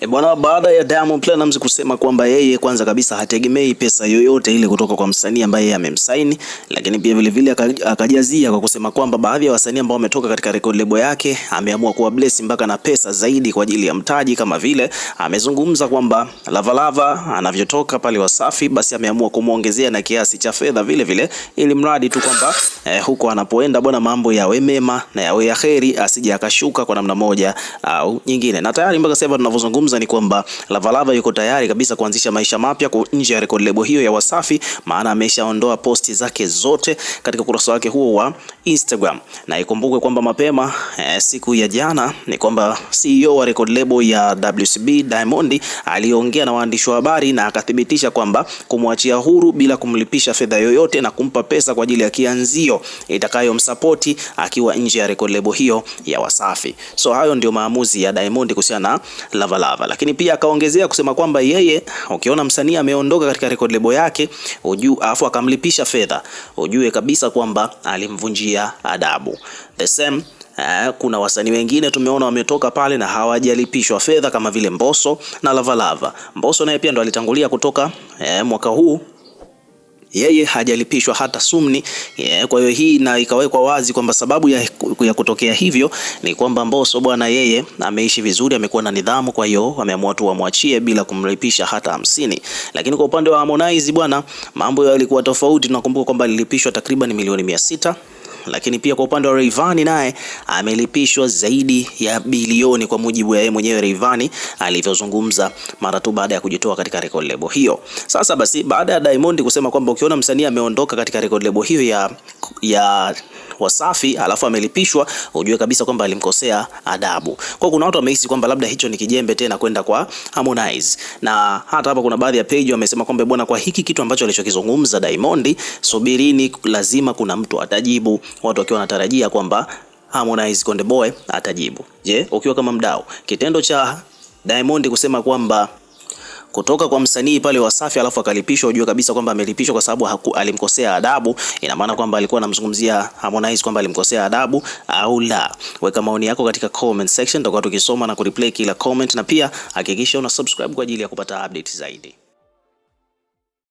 E bwana, baada ya Diamond Platnumz kusema kwamba yeye kwanza kabisa hategemei pesa yoyote ile kutoka kwa msanii ambaye yeye amemsaini, lakini pia vile vile akajazia kwa kusema kwamba baadhi ya wasanii ambao wametoka katika record label yake ameamua kuwa bless mpaka na pesa zaidi kwa ajili ya mtaji, kama vile amezungumza kwamba Lava Lava anavyotoka pale Wasafi, basi ameamua kumwongezea na kiasi cha fedha vile vile, ili mradi tu kwamba eh, huko anapoenda bwana, mambo yawe mema na yawe ya heri, asije akashuka kwa namna moja au nyingine, na tayari mpaka sasa tunavyozungumza amezungumza ni kwamba Lavalava yuko tayari kabisa kuanzisha maisha mapya nje ya record label hiyo ya Wasafi, maana ameshaondoa posti zake zote katika ukurasa wake huo wa Instagram. Na ikumbukwe kwamba mapema eh, siku ya jana ni kwamba CEO wa record label ya WCB Diamond aliongea na waandishi wa habari na akathibitisha kwamba kumwachia huru bila kumlipisha fedha yoyote na kumpa pesa kwa ajili ya kianzio itakayomsapoti akiwa nje ya record label hiyo ya Wasafi. So hayo ndio maamuzi ya Diamond kuhusiana na Lavalava. Flava. Lakini pia akaongezea kusema kwamba yeye ukiona msanii ameondoka katika record label yake ujue, afu akamlipisha fedha, ujue kabisa kwamba alimvunjia adabu. The same eh, kuna wasanii wengine tumeona wametoka pale na hawajalipishwa fedha kama vile Mbosso na Lavalava. Mbosso naye pia ndo alitangulia kutoka eh, mwaka huu yeye hajalipishwa hata sumni. Kwa hiyo hii na ikawekwa wazi kwamba sababu ya, ya kutokea hivyo ni kwamba Mbosso bwana, yeye ameishi vizuri, amekuwa na nidhamu, kwa hiyo ameamua tu wamwachie bila kumlipisha hata hamsini. Lakini kwa upande wa Harmonize bwana, mambo yalikuwa tofauti. Tunakumbuka kwamba alilipishwa takriban milioni mia sita lakini pia kwa upande wa Rayvanny naye amelipishwa zaidi ya bilioni, kwa mujibu wa yeye mwenyewe Rayvanny alivyozungumza mara tu baada ya kujitoa katika record label hiyo. Sasa basi, baada ya Diamond kusema kwamba ukiona msanii ameondoka katika record label hiyo ya, ya Wasafi alafu amelipishwa, ujue kabisa kwamba alimkosea adabu. Kwa kuna watu wamehisi kwamba labda hicho ni kijembe tena kwenda kwa Harmonize, na hata hapa kuna baadhi ya page wamesema kwamba bwana, kwa hiki kitu ambacho alichokizungumza Diamond, subirini, lazima kuna mtu atajibu, watu wakiwa wanatarajia kwamba Harmonize Konde Boy atajibu. Je, ukiwa kama mdau, kitendo cha Diamond kusema kwamba kutoka kwa msanii pale Wasafi alafu akalipishwa, ujue kabisa kwamba amelipishwa kwa sababu alimkosea adabu. Ina maana kwamba alikuwa anamzungumzia Harmonize kwamba alimkosea adabu au la? Weka maoni yako katika comment section, tutakuwa tukisoma na kureplay kila comment, na pia hakikisha una subscribe kwa ajili ya kupata update zaidi.